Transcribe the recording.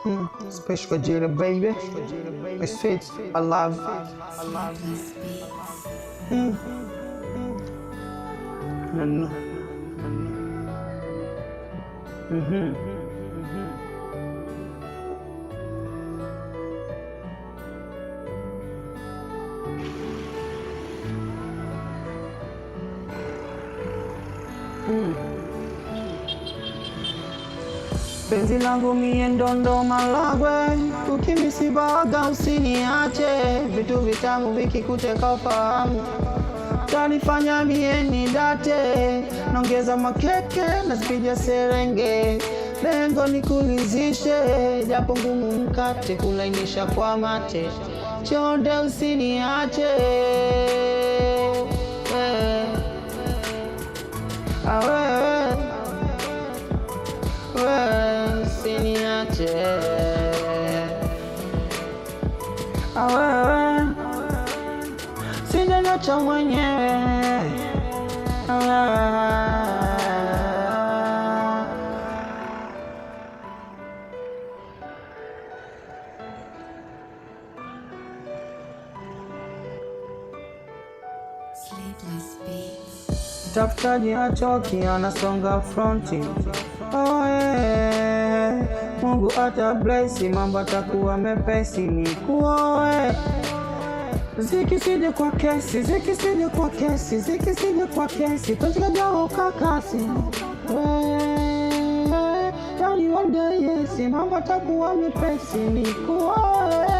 Hmm. It's best for Jada, baby. It's fit. I love it. mm hmm, hmm. hmm. penzi langu mie ndondo Malagwe, ukimisibaga usiniache, vitu vitamu vikikuteka ufahamu tanifanya mie ni date, nongeza makeke nazipija Serenge, lengo ni kulizishe, japo ngumu mkate kulainisha kwa mate, chonde usiniache Ah, wewe sina nacha mwenyewe Tafutaji achoki anasonga fronti, oh, oh, oh. Mungu ata blesi, mambo atakuwa mepesi, ni kuoe zikisije kwa kesi, zikisije kwa kesi, zikisije kwa kesi, tazikajawokakasi yani yesi, mambo atakuwa mepesi, ni kuoe